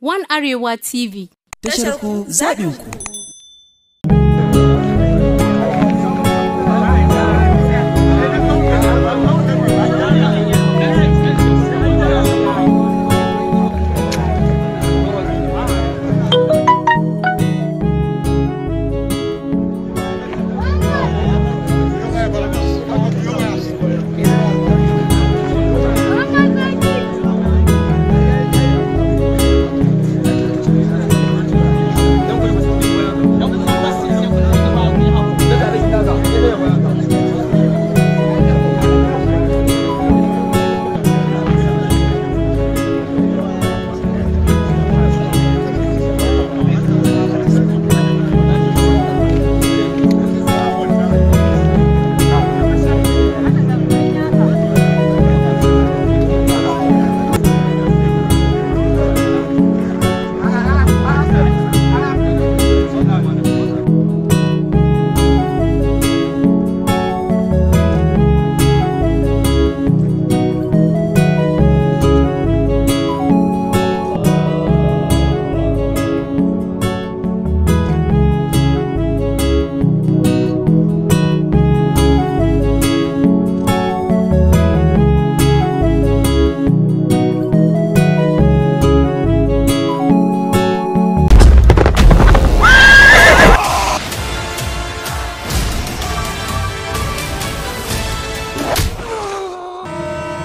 One Arewa TV. Tashar ku zaɓin ku.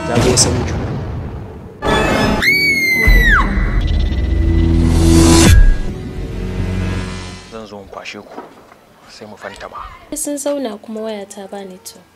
za mu yi sanin zan zo in kwashe ku sai mu fanta ba sun zauna kuma wayata ba ni to